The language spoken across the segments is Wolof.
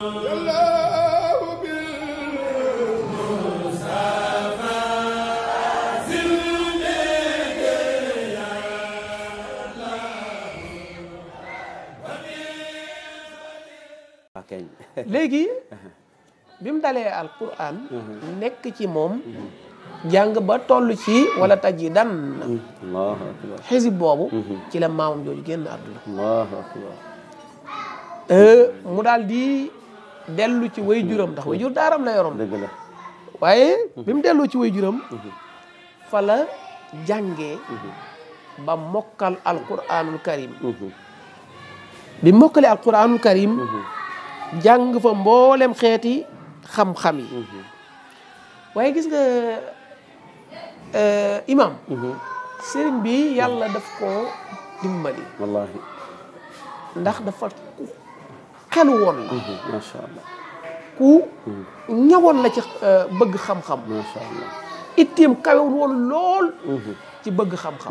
léegi uh-huh. bi mu dalee alquran uh-huh. nekk ci moom jàng ba toll ci wala taj yi dan uh-huh. boobu ci la maamam jooju génn àdduna euh, mu daal di dellu ci way juram ndax way jur daaram la yoroon waaye bi mu delloo ci way juram fa la jàngee ba mokkal alquranul karim karim jàng fa mboolem xeeti xam-xam yi waaye gis nga euh, imam sëriñ bi yàlla daf ko dimbali ndax dafa xelu woon la mhm, macha allah ku mhm. ñawoon euh, la mhm. ci bëgg xam-xam macha allah itteem woon lool ci bëgg xam-xam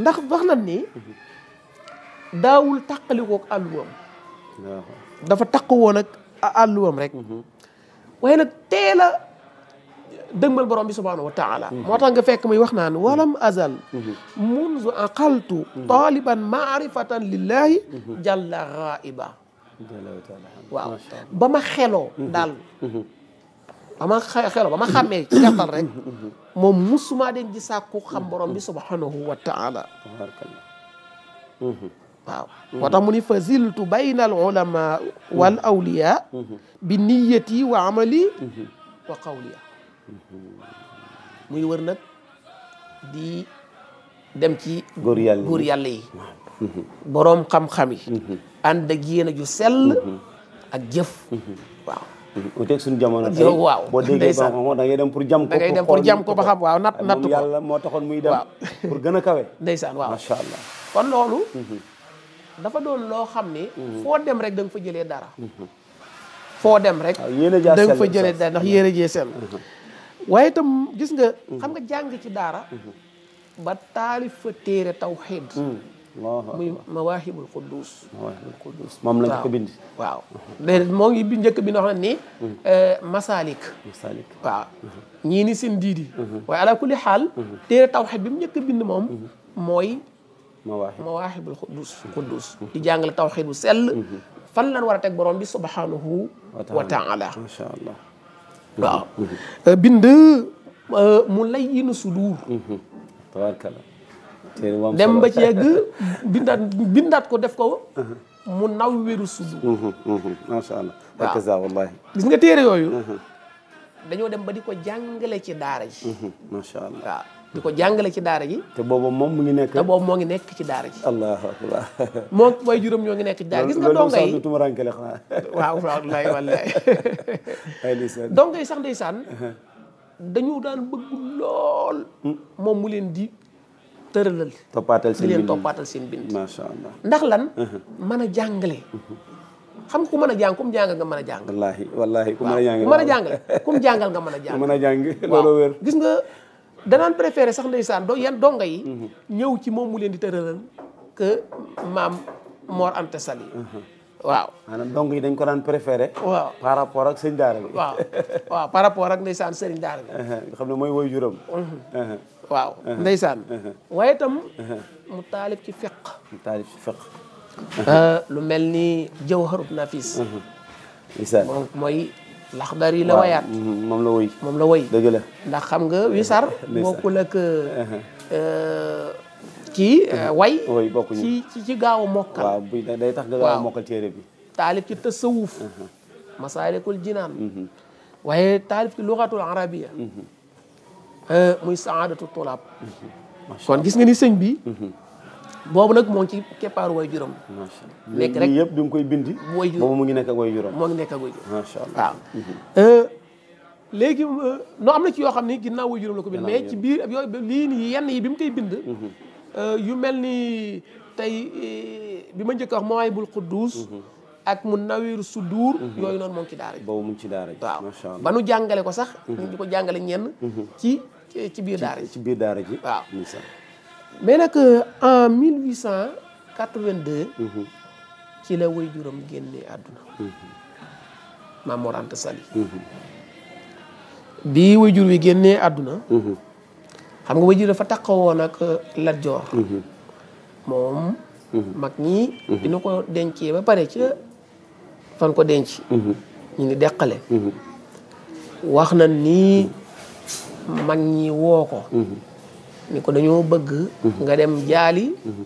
ndax wax na ni daawul tàqalikook àlluwam dafa taq woon ak àlluwam rek waaye teela deugmal borom bi subhanahu wa taala motax nga fekk muy wax nan walam azal munzu aqaltu taliban ma'rifatan lillahi jalla ghaiba waaw ba ma xeloo daal ba ma xeloo ci gàttal rek moom musumaa den di sàkku xam borom bi subhanahu wa taala waaw moo tax mu ni ulama wal awliya bi niyati wa amali wa qawliya muy wër nag di dem ci góor yàlla góor yàlla yi boroom xam-xam yi mhm. ànd ak yéen a ju sell mhm. ak jëf mhm. waaw uteeg suñu jamono tey waaw boo déggee ba xam da ngay pour jam ko da ngay dem pour ko ba xam waaw natt natt ko moo taxoon muy dem waaw pour gën a kawe ndeysaan waaw macha allah kon loolu dafa doon loo xam ne foo dem rek da fa jëlee dara foo dem rek da nga fa jëlee dara ah, ndax yéen a jee sell waaye itam gis nga. Mm-hmm. xam nga jàng ci daara. Mm-hmm. ba taalif fa téere tawxiid. Mm-hmm. muy Mawaahibul Quddus. moom la njëkk a bind. waaw léegi moo ngi bi njëkk bi nga xam ne nii. Masalik. Masalik waaw. ñii ni seen diidi. waaye ala kulli xaal. téere tawxiid bi mu njëkk a bind moom. mooy. Mawaahib Mawaahibul Quddus. Quddus di jàngale tawxiid bu sell. fan lan war a teg borom bi subhanahu wa taala. macha waaw mhm. eh, bind eh, mu lay inu sudur tabarkala dem ba ci yegg bindat bindat ko def ko mhm. mu naw wiru sudur mhm, masallah hakaza ya. wallahi gis nga téré yoyu dañoo dem ba di ko jàngale ci daara ji masallah waaw ya. di ko jàngale ci daara ji. te boobu moom mu ngi nekk. te boobu moo ngi nekk ci daara ji. allahu akbar. moom way juróom ñoo ngi nekk ci daara gis nga donga yi waaw wallaay wallaay. donga yi sax ndeysaan uh-huh. dañu daan bëgg lool. Hmm. moom mu leen di tëralal. toppaatal seen bind di leen toppaatal seen bind. macha allah ndax lan. Uh-huh. mën a jàngale. Uh-huh. xam nga ku mën a jàng kum jàngal nga mën a jàng. wallaahi wallaahi ku mën a jàng. waaw ku mën a jàngale kum jàngal nga mën a jàng. ku mën a jàng loolu wér. gis nga. danaan préféré sax ndeysaan do yan donga yi mhm. ñëw ci moom mu leen di tëralal que maam Mor Anta Sali mhm. waaw maanaam dong yi dañ ko daan préféré waaw par rapport ak sëñ daara bi waaw waaw par rapport ak ndeysaan sëriñ daara bi mhm. xam ne mooy woy juróom waaw ndeysaan waaye itam mu taalib ci fiq mu taalib ci fiq euh, lu mel ni jawharut nafis ndeysaan mooy laxdar yi la wayaat moom la woy moom la woy dëgg la ndax xam nga wisar bokkul ak ci uh-huh. uh, uh, uh-huh. way ci ci gaaw a mokkal waaw bu day tax nga téere bi taalif ci tasawuf uh-huh. masaalikul jinaan waaye taalif ci luxatul arabiya uh, muy saadatu tulaab kon gis nga ni sëñ bi boobu nag moo ngi ci keppaaru way juróom nekk rek yëpp bi mu koy bindi way juróom boobu mu ngi nekk ak way juróom moo ngi nekk ak way juróom macha allah waaw mhm. euh, léegi no euh, na ci yoo xam ni ginnaaw way la ko bind mais ci biir yooyu lii nii yenn yi bi mu koy bind mhm. euh, yu mel ni tey bi ma njëkk wax mawaay bul quddus mhm. ak mu nawiru suduur yooyu noonu moom ci daara ji boobu mu ngi ci daara ji waaw ba nu jàngale ko sax ñu di ko jàngale ñenn ci ci biir daara ji ci biir daara ji waaw mais nag euh, en 1882. Mhm. ci la way juróom génne àdduna. Mhm. Maam Mor Anta Sali. Mhm. bi way jur wi génnee àdduna. xam nga way jur dafa taxawoon ak euh, Lat Joor. moom. mag ñi. dina ko dencee ba pare ca fan ko denc. ñu ngi deqale. wax na ni mag ñi woo ko. ni ko dañoo bëgg mhm. nga dem jaali mhm.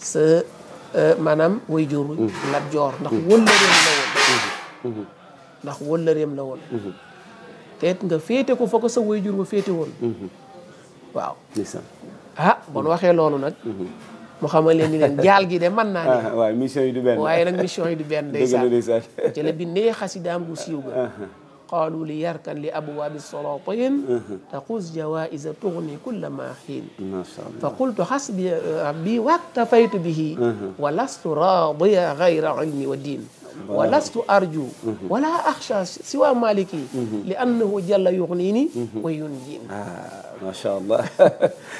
sa euh, maanaam way jur mhm. Lat Joor ndax wëllëreem la woon ndax wëllëreem la woon te nga féete ko fa ko sa way jur nga féete woon waaw ah nu waxee loolu nag mu xamal leen ni leen jaal gi de mën naa ne ah, waaye mission yi du benn waaye nag mission yi du benn ndeysaan ci la bindee xasidaam gu siiw ga قالوا ليركن لأبواب السلاطين تقوز جوائز تغني كل ما حين فقلت حسبي ربي واكتفيت به ولست راضيا غير علمي ودين ولست أرجو ولا أخشى سوى مالكي لأنه جل يغنيني وينجيني ما شاء الله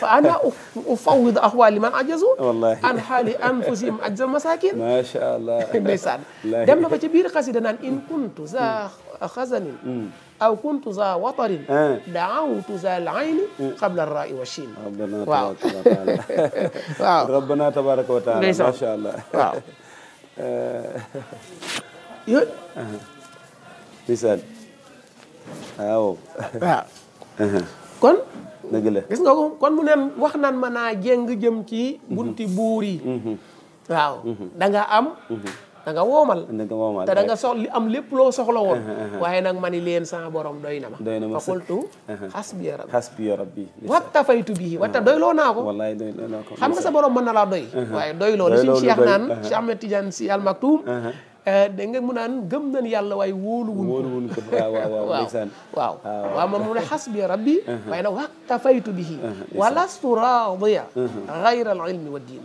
فأنا أفوض أحوالي من عجزوا والله عن حال أنفسهم عجز المساكين ما شاء الله ndeysaan dem na ba ca biir xasida naan in kuntu za mm. xazanin mm. aw kuntu za watarin ah. daawtu za al ayni mm. qabla ar ra'i wa shin waaw rabbana tabaraka wa taala waaw rabbana tabaraka wa taala ma sha allah waaw Eh. yooyu. bisaan uh-huh. kon. dëgg la kon mu neen wax nan ma naa jéng jëm ci. Mm-hmm. bunti buur yi. Mm-hmm. waaw mm-hmm. am. da nga woomal te da nga soxla li am lépp loo soxla woon uh-huh, uh-huh. waaye nag ma ni leen sama borom doy na ma doy na ma faqultu xasbiya uh-huh. rabbi xasbiya rabbi waktafaytu bihi wata doy loo naa ko wallaay doy loo naa ko xam nga na laa doy waaye doy loo li suñ Cheikh naan Cheikh Ahmed Tidiane Sy Al eh, da nga mu naan gëm nañ yàlla waaye wóoluwuñ ko wóoluwuñ ko waaw waaw waaw waaw man mu ne xasbi rabbi waaye nag waktafaytu bihi walastu raadiya gayra al ilmi wa diin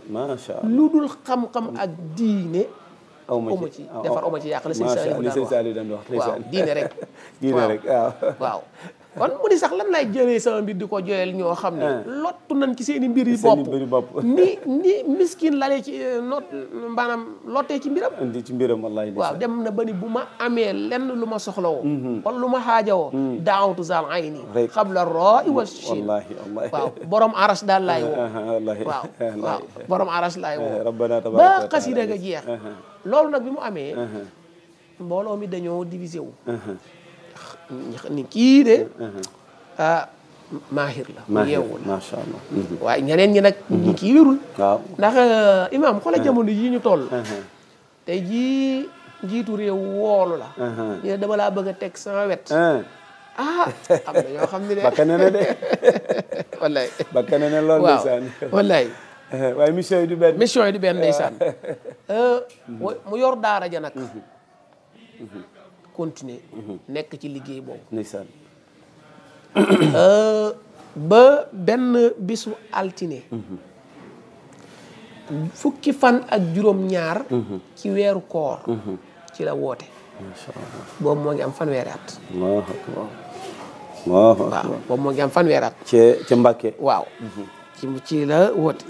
lu dul xam-xam ak diine aw ma ci defar aw ma ci yàq la sëñ Saliou daan wax waaw diine rek diine rek waaw waaw kon mu ni sax lan lay jëlee sama mbir di ko joyal ñoo xam ne eh. lottu nañ ci seen i mbir yi bopp ni ni miskin lalee ci eh, not maanaam lotte ci mbiram ci mbiram wallaay waaw dem na ba ni bu ma amee lenn lu ma soxlawoo mm-hmm. wala lu ma xaajawoo mm. daawatu zal ayni xabla roi wa shin waaw borom aras daal laay woo eh, borom aras laay woo rabbana tabaraka ba xasida ga jeex loolu nag bi mu amee mbooloo mi dañoo divisé wu ñu xam ni kii de ah maahir la mu yeewu la macha allah waaye ñeneen ñi nag ñi kii wérul waaw ndax euh, imaam xoola jamono yi ñu toll tey jii njiitu réew woolu la ñu ne dama laa bëgg a teg sama wet ah am na ñoo xam ne de bakka ne ne de wallaay bakka ne ne loolu ndeysaan wallaay waaye mission yi du benn mission yi du benn ndeysaan euh, mu yor daara ja nag continuer nekk ci liggéey boobu ndeysaan euh, ba benn bisu altine fukki fan ak juróom ñaar ci weeru koor ci la woote boobu moo ngi am fanweeri at waaw waaw waaw ci la woote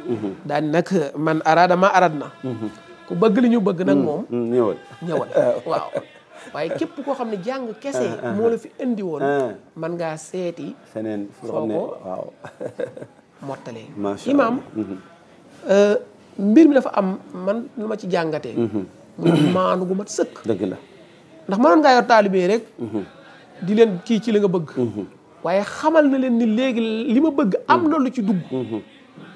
daan nag man araada ma arad na mhm. ku bëgg li ñu bëgg nag moom mm, mm, ñëwal ñëwal ah, waaye képp koo xam ne jàng kese. Ah, ah, moo la fi indi woon. Ah. man ngaa seeti. feneen foo xam ne waaw mottalee. imaam mm-hmm. euh, mbir mi dafa am man lu ma ci jàngatee. Mm-hmm. muy maanu gu mat sëkk. dëgg la ndax mënoon ngaa yor taalibe rek. Mm-hmm. di leen kii ci la nga bëgg. waaye xamal na leen ni léegi li ma bëgg am na lu ci dugg.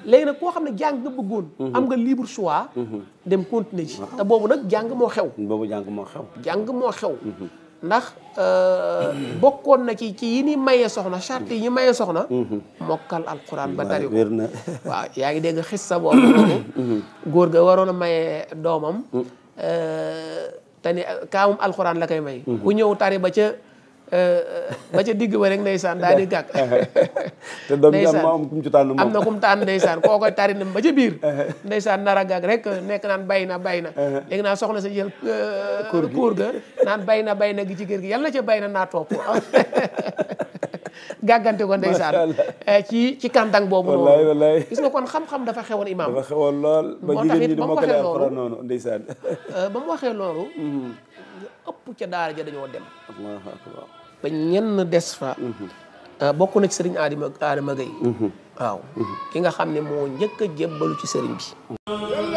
léegi nag koo xam ne jàng nga bëggoon mhm. am nga libre choix mhm. dem continuer ji te boobu nag jàng moo xew boobu jàng moo xew jàng moo xew mhm. ndax euh, bokkoon na ki ci yi ni mayee soxna charte yi ñu mayee soxna mokkal alquran ba tari ko waaw yaa ngi dégg xis sa boobu góor ga waroon a mayee doomam euh, te ni kaamum alquran la koy may ku ñëw tari ba ca Euh, euh, ba ca digg ba rek ndeysaan daal di gàkk. te doom bi am kum ci tànn am na kum tànn ndeysaan koo koy tari ba ca biir. Uh-huh. ndeysaan nar a gàkk rek nekk naan bay na bay na. Uh-huh. léegi naa soxla sa jël. Uh, uh, kóor gi kóor ga naan bay na bay na gi ci kër gi yàlla na ca bay na naa topp. gàggante ko ndeysaan eh, ci ci kàntang boobu noonu gis nga kon xam-xam dafa xewoon imaam dafa xewoon lool ba di mokkale alxuraan noonu ndeysaan eh, ba mu waxee loolu mm-hmm. ëpp ca daara ja dañoo dem ba ñenn des fa. Mhm. Euh, bokk na ci sëriñ Adama Adama mhm. Mhm. ki nga xam ne moo njëkk a jébbalu ci sëriñ bi.